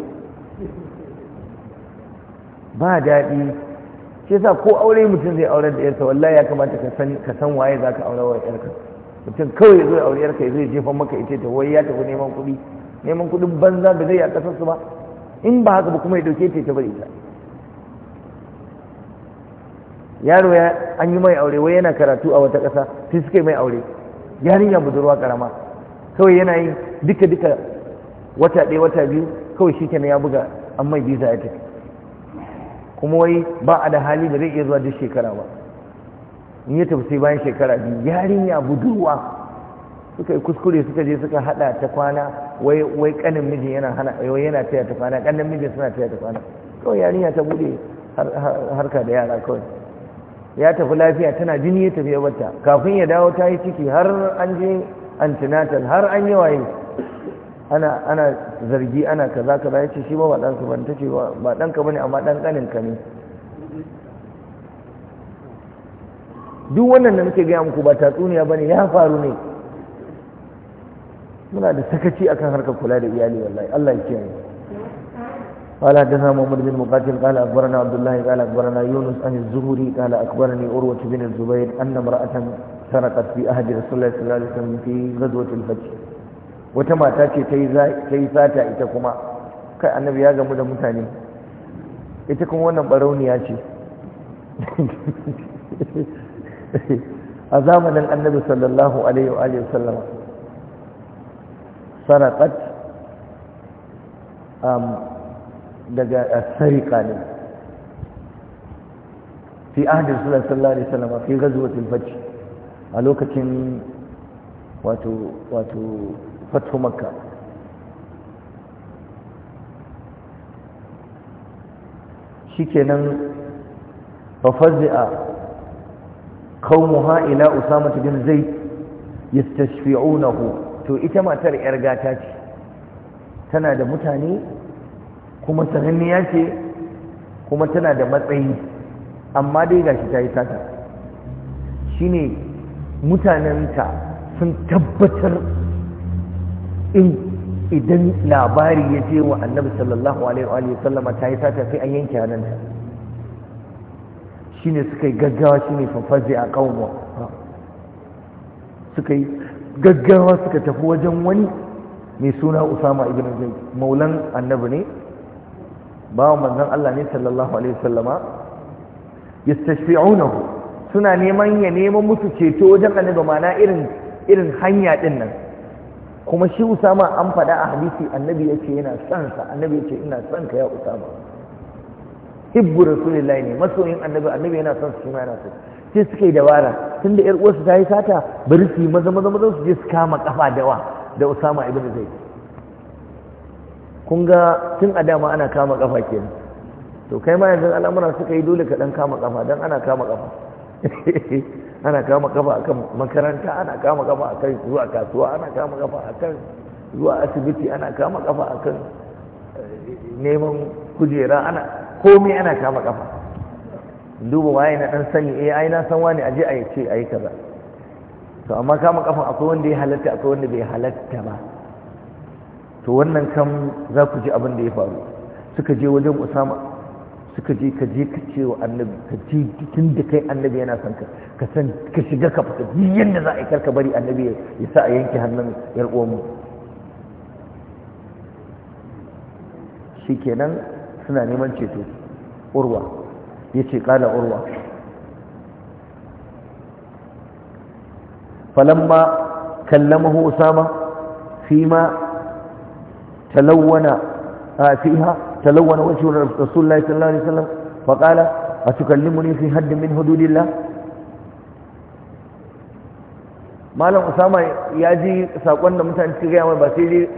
ba daɗi shi yasa ko aure mutum zai aurar da yarsa wallahi ya kamata ka san ka san waye zaka wa yarka mutum kawai zai aure yarka zai jefa maka ita ta wai ya tafi neman kuɗi neman kuɗin banza da zai a ƙasar su ba in ba haka ba kuma ya dauke ta ta bari ta yaro ya an yi mai aure wai yana karatu a wata ƙasa sai suka yi mai aure yarinya budurwa karama kawai yana yi duka duka wata ɗaya wata biyu kawai shi kenan ya buga an mai biza ya tafi kuma wai ba a da hali da zai iya zuwa duk shekara ba in yi tafi sai bayan shekara biyu yarinya budurwa suka yi kuskure suka je suka hada ta kwana wai wai kanin miji yana hana wai yana taya ta kwana kanin miji suna taya ta kwana kawai yarinya ta bude harka da yara kawai ya tafi lafiya tana jini ya tafi ya bata kafin ya dawo ta yi ciki har an je antinatal har an yi waye ana ana zargi ana kaza kaza yace shi ba dan ka bane tace ba dan ka bane amma dan kanin ka ne duk wannan da muke gaya muku ba tatsuniya bane ya faru ne muna da sakaci akan harkar kula da iyali wallahi Allah ya kiyaye قال حدثنا محمد بن مقاتل قال اخبرنا عبد الله قال اخبرنا يونس عن الزهري قال اخبرني عروه بن الزبير ان امراه سرقت في عهد رسول الله صلى الله عليه وسلم في غزوه الفجر wata mata ce ta yi sata ita kuma kai annabi ya gamu da mutane ita kuma wannan barauniya ce a zamanin annabi sallallahu alaihi wa alihi sallama saraqat um daga uh, sariqa ne fi ahdi sallallahu alaihi wasallam fi ghazwatil fath a lokacin wato wato fatu makka shikenan fa fazi'a qaumuha ila usama bin zaid ku. to ita matar yar gata ce tana da mutane kuma sananniya ce kuma tana da matsayi amma dai gashi ta yi sata shine mutanenta sun tabbatar in idan labari ya je wa annabi sallallahu alaihi wa sallama ta yi sata sai an yanke nan shi ne suka yi gaggawa shi ne fafaze a kawo suka yi gaggawa suka tafi wajen wani mai suna usama ibn zai maulan annabi ne ba wa manzan Allah ne sallallahu alaihi wasallama yastashfi'unahu suna neman ya neman musu ceto wajen annabi mana irin irin hanya din nan kuma shi usama an faɗa a hadisi annabi ya ce yana son sa annabi ya ce ina son ka ya usama hibbu rasulillahi ne masoyin annabi annabi yana son su shi ma yana son sai suka yi dabara tunda yar uwarsu ta yi sata bari su yi maza maza maza su je su kama kafa dawa da usama ibn zaid kun ga tun a dama ana kama kafa kenan to kai ma yanzu al'amura suka yi dole ka dan kama kafa dan ana kama kafa ana kama kafa akan makaranta ana kama kafa akan zuwa kasuwa ana kama kafa akan zuwa asibiti ana kama kafa akan eh, neman kujera ana komai ana kama kafa duba waye na dan sani eh ai na san wani aje ai ce ai kaza to amma kama kafa akwai wanda ya halatta akwai wanda bai halatta ba to wannan kam za ku ji abin da ya faru suka je wajen Usama suka je ka je ka ce wa annabi ka je tun da kai annabi yana son ka ka san ka shiga ka fita duk yanda za a yi karka bari annabi ya sa a yanke hannun yar uwanmu shikenan suna neman ceto urwa yace kala urwa falamma kallamahu usama fima talawwana fiha تلون وجه رسول الله صلى الله عليه وسلم فقال أتكلمني في حد من حدود الله malam usama ya ji sakon da mutane suka gaya mai ba sai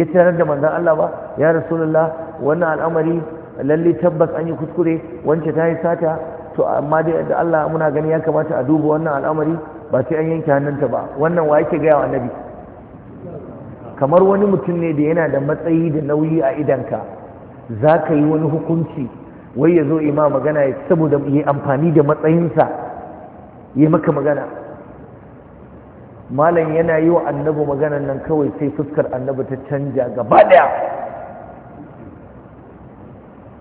ya tarar da manzan Allah ba ya rasulullah wannan al'amari lalle tabbas an yi kuskure wance ta yi sata to amma dai da Allah muna gani ya kamata a duba wannan al'amari ba sai an yanke hannunta ba wannan wa yake gaya wa annabi kamar wani mutum ne da yana da matsayi da nauyi a idanka za ka yi wani hukunci wai ya zo ima magana ya saboda ya amfani da matsayinsa ya maka magana malam yana yi wa annabu maganan nan kawai sai fuskar annabu ta canja gaba daya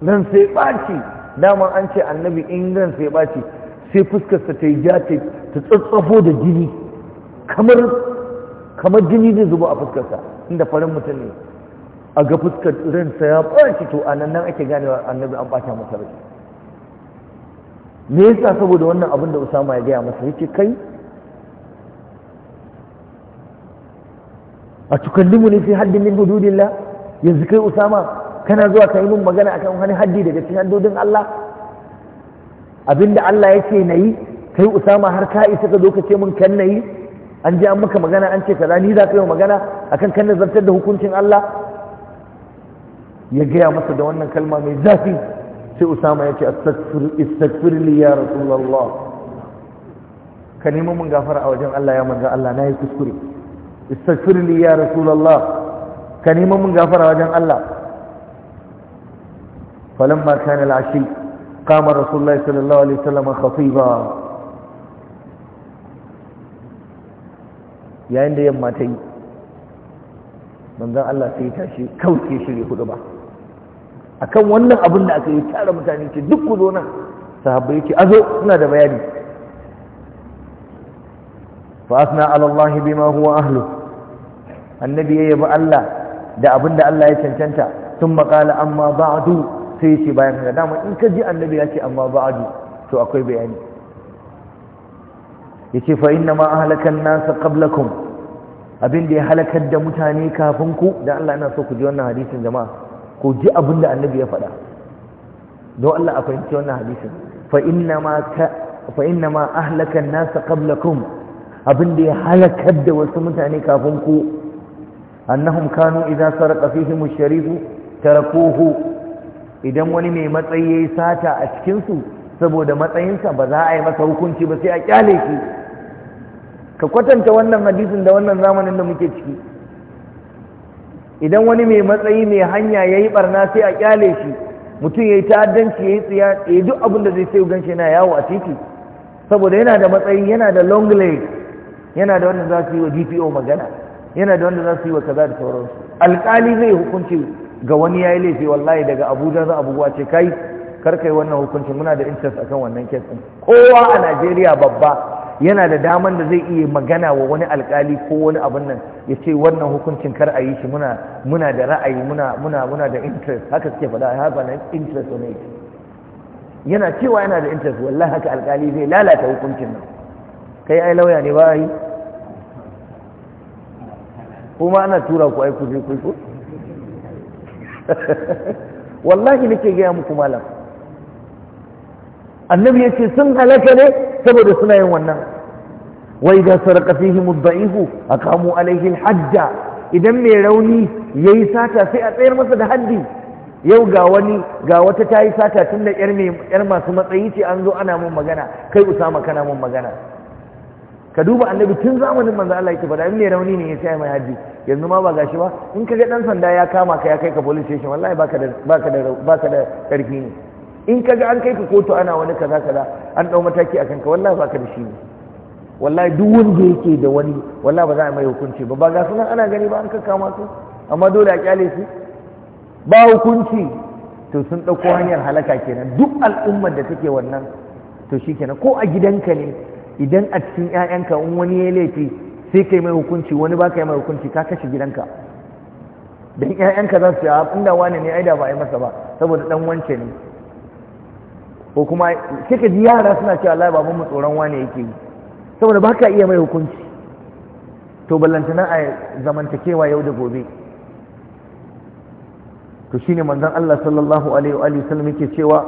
nan sai ɓaci dama an ce annabi in nan sai ɓaci sai fuskarsa ta yi ja ta tsatsafo da jini kamar kamar jini zai zuba a fuskarsa inda farin mutum ne a ga fuskar ransa ya ɓarci to a nan nan ake ganewa annabi an ɓata masa rai me yasa saboda wannan abin da usama ya gaya masa yake kai a tukallimu ne sai haddin min hududillah yanzu kai usama kana zuwa ka yi min magana akan wani haddi daga cikin haddodin Allah abinda Allah yake nayi kai usama har ka isa ka zo ka ce min kan nayi an ji an maka magana an ce kaza ni za ka yi magana akan kan nazartar da hukuncin Allah ya gaya masa da wannan kalma mai zafi sai Usama ya ce astaghfir li ya rasulullah ka nemi mun gafara a wajen Allah ya manzo Allah nayi kuskure astaghfir li ya rasulullah ka nemi mun gafara a wajen Allah falamma kana al-ashi qama rasulullah sallallahu alaihi wasallam khatiba yayin da yamma ta yi manzan Allah sai ya tashi ke shirye hudu ba a kan wannan abin da aka yi tara mutane ce duk ku zo nan sahabbai ce azo suna da bayani fa asna ala Allah bima huwa ahlu annabi ya yabi Allah da abin da Allah ya cancanta sun maƙala amma ba'du sai shi bayan da dama in ka ji annabi ya ce amma ba'du to akwai bayani yace fa inna ma ahlakan nas qablakum abin da ya halakar da mutane kafin ku dan Allah ina so ku ji wannan hadisin jama'a ku ji abin da annabi ya faɗa don Allah a fahimci wannan hadisin fa inna ma ka fa inna ma ahlakan nas qablakum abin da ya halakar da wasu mutane kafin ku annahum kanu idza saraqa fihim ash-sharif tarakuhu idan wani mai matsayi yayi sata a cikin su saboda matsayinsa ba za a yi masa hukunci ba sai a kyale shi ka kwatanta wannan hadisin da wannan zamanin da muke ciki idan wani mai matsayi mai hanya ya yi barna sai a kyale shi mutum ya yi ta'addanci ya yi tsiya ya yi duk abin da zai sai gan shi yana yawo a titi saboda yana da matsayi yana da long leg yana da wanda za su yi wa dpo magana yana da wanda za su yi wa kaza da sauransu alkali zai hukunci ga wani ya yi laifi wallahi daga abuja za abubuwa ce kai kar wannan hukuncin muna da interest akan wannan kes din kowa a Najeriya babba yana da daman da zai iya magana wa wani alkali ko wani abin nan ya ce wannan hukuncin kar a yi shi muna muna da ra'ayi muna muna muna da interest haka suke faɗa I have na interest ne yana cewa yana da interest wallahi haka alkali zai lalata hukuncin nan kai ai lauya ne ba yi kuma ana tura ku ai ku je ku wallahi nake gaya muku malam annabi yace sun halaka ne saboda suna yin wannan wa idza sarqa fihi ad a aqamu alayhi hadda idan mai rauni yayi sata sai a tsayar masa da haddi yau ga wani ga wata ta yi sata tun da yar masu matsayi ce an zo ana mun magana kai usama kana mun magana ka duba annabi tun zamanin manzo Allah yake bada mai rauni ne ya mai haddi yanzu ma ba gashi ba in kaga dan sanda ya kama ka ya kai ka police station wallahi baka da baka da baka da karfi ne in kaga an kai ka kotu ana wani kaza kaza an dau mataki a kanka wallahi baka da shi ne wallahi duk wanda yake da wani wallahi ba za a mai hukunci ba ba ga sunan ana gani ba an kakkama su amma dole a kyale su ba hukunci to sun ɗauko hanyar halaka kenan duk al'ummar da take wannan to shi kenan ko a gidanka ne idan a cikin 'ya'yanka in wani ya laifi sai kai mai hukunci wani ba ka yi mai hukunci ka kashe gidanka dan 'ya'yanka za su ce a inda wani ne ai da ba a yi masa ba saboda ɗan wance ne ko kuma kika ji yara suna cewa Allah baban mu tsoron wane yake yi saboda baka iya mai hukunci to na a zamantakewa yau da gobe to shine manzon Allah sallallahu alaihi wa alihi sallam yake cewa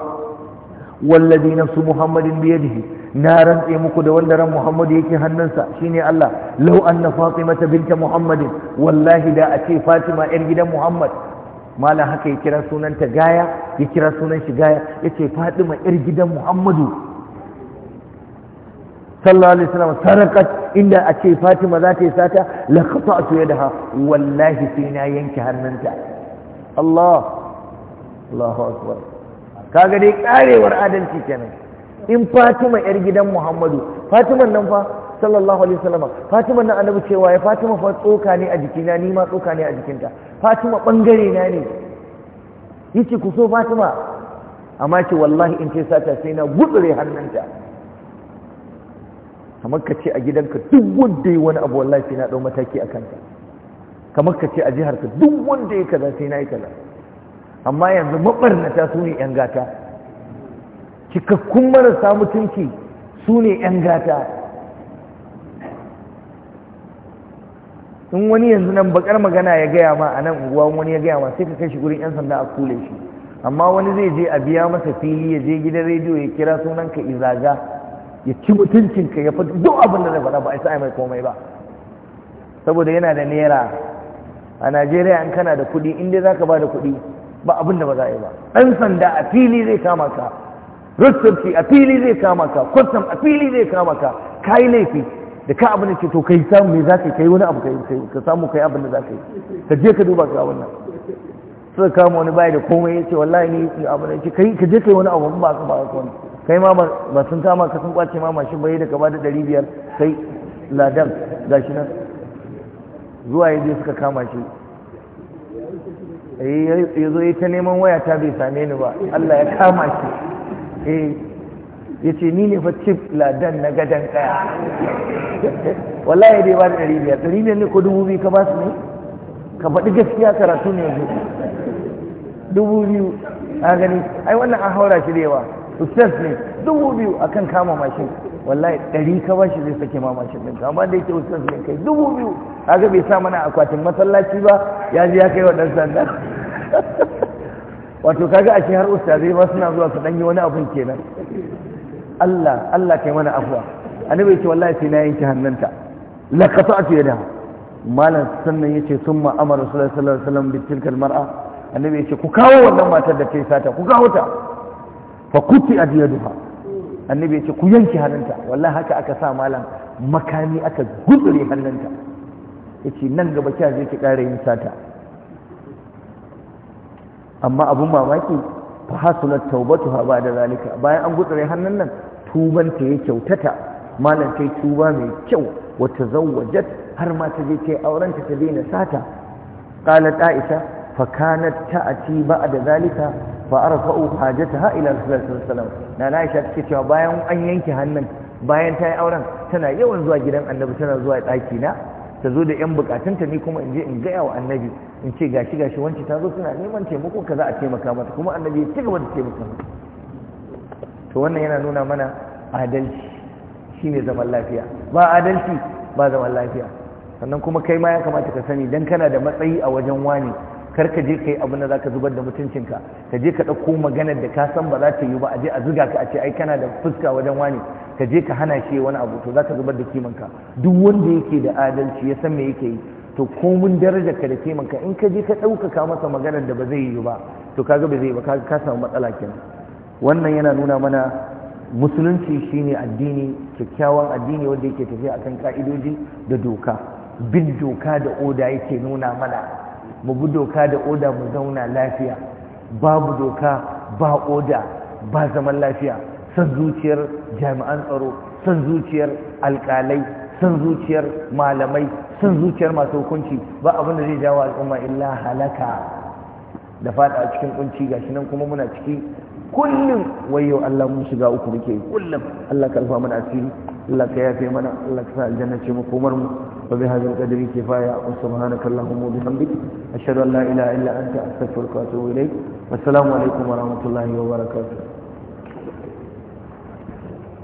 wallazi nafsu muhammadin bi yadihi na rantse muku da wanda ran muhammadu yake hannunsa shine Allah law anna fatimata binta muhammadin wallahi da a ce fatima yar gidan muhammad malam haka ya kira sunanta gaya ya kira sunan shi gaya ya ce fadima yar gidan muhammadu sallallahu alaihi wasallam sarakat inda a ce fatima za ta yi sata la da yadaha wallahi sai na yanke hannunta Allah Allahu akbar kaga dai karewar adalci kenan in fatima yar gidan muhammadu fatiman nan fa sallallahu alaihi wasallam fatima nan annabi cewa ya fatima fa tsoka ne a jikina ni ma tsoka ne a jikinta fatima bangare na ne yace ku so fatima amma ce wallahi in ce sata sai na gutsure hannunta kamar ka ce a gidanka duk wanda ya wani abu wallahi sai na dau mataki a kanta kamar ka ce a jihar ka duk wanda ya kaza sai na yi kaza amma yanzu mabarnata su ne yan gata cikakkun marasa mutunci su ne yan gata in wani yanzu nan bakar magana ya gaya ma a nan unguwa wani ya gaya ma sai ka kai shi gurin yan sanda a kule shi amma wani zai je a biya masa fili ya je gidan rediyo ya kira sunan ka izaga ya ci mutuncinka ya faɗi duk abin da zai faɗa ba a sai mai komai ba saboda yana da naira a najeriya an kana da kuɗi inda za ka ba da kuɗi ba abin da ba za a yi ba ɗan sanda a fili zai kama ka rutsurci a fili zai kama ka kwastam a fili zai kama ka ka laifi da ka abin da ke to yi samu me za ka yi wani abu kai ka samu kai abin da za ka yi ka je ka duba ka wannan suka kama wani baya da komai ya ce wallahi ni abin da ce ka je kai wani abu ba ka ba ka wani kai ma ba sun kama ka sun kwace ma mashin bai da gaba da ɗari biyar kai ladan shi nan zuwa ya je suka kama shi eh, ya zo ya ta neman waya ta bai same ni ba Allah ya kama shi eh ya ce ni ne fa cif ladan na gadan kaya wallahi dai ba da ɗari biyar ɗari biyar ne ko dubu biyu ka ba su ne ka faɗi gaskiya karatu ne yanzu dubu biyu a gani ai wannan an haura shi da yawa ustaz ne dubu biyu a kan kama mashin wallahi ɗari ka ba shi zai sake ma mashin ɗin amma da yake ustaz ne kai dubu biyu kaga bai sa mana akwatin masallaci ba ya je ya kai wa ɗan sanda wato kaga ashe har ustazai ba suna zuwa su ɗan yi wani abun kenan Allah Allah kai mana afuwa annabi yace wallahi sai na yanke hannunta la qata'tu yada. malam sannan yace summa amara sallallahu alaihi wasallam bi tilka almar'a annabi yace ku kawo wannan matar da kai sata ku kawo ta fa kuti adiyaduha annabi yace ku yanke hannunta wallahi haka aka sa malam makami aka gudure hannunta yace nan gaba kiyaye ki kare yin sata amma abun mamaki hasulat taubatuha ba da zalika bayan an gutsure hannun nan tubanta ya kyautata malam yi tuba mai kyau wata zawwajat har ma ta je ta aurenta ta daina sata qalat aisha fa kanat ta'ati da zalika fa arfa'u hajataha ila rasulullahi sallallahu alaihi wasallam na aisha take cewa bayan an yanke hannun bayan ta yi auren tana yawan zuwa gidan annabi tana zuwa ɗaki na ta zo da yan bukatunta ni kuma in je in gaya wa annabi in ce gashi gashi wance ta zo suna neman taimako ka za a taimaka mata kuma annabi ya ci gaba da taimaka mata to wannan yana nuna mana adalci shi ne zaman lafiya ba adalci ba zaman lafiya sannan kuma kai ma ya kamata ka sani dan kana da matsayi a wajen wani kar ka je kai abin da ka zubar da mutuncinka ka je ka ɗauko maganar da ka san ba za ta yi ba a je a zuga ka a ce ai kana da fuska wajen wani ka je ka hana shi wani abu to za ka zubar da kimanka duk wanda yake da adalci ya san me yake yi to komun daraja ka da kimanka in ka je ka ɗaukaka masa maganar da ba zai yi ba to kaga ba zai ba kaga ka samu matsala kenan wannan yana nuna mana musulunci shine addini kyakkyawan addini wanda yake tafiya akan ka'idoji da doka bin doka da oda yake nuna mana mu bi doka da oda mu zauna lafiya babu doka ba oda ba zaman lafiya san zuciyar jami'an tsaro san zuciyar alkalai san zuciyar malamai san zuciyar masu hukunci ba abin da zai jawo al'umma illa halaka da fada a cikin kunci gashi nan kuma muna ciki kullum wayo Allah mun shiga uku muke kullum Allah karfa mana asiri Allah ka yafe mana Allah ka sa aljanna ce makomar mu wa bi hadzal qadri kifaya wa subhanaka allahumma wa bihamdika ashhadu an la ilaha illa anta astaghfiruka wa atubu ilaik wassalamu alaikum wa rahmatullahi wa barakatuh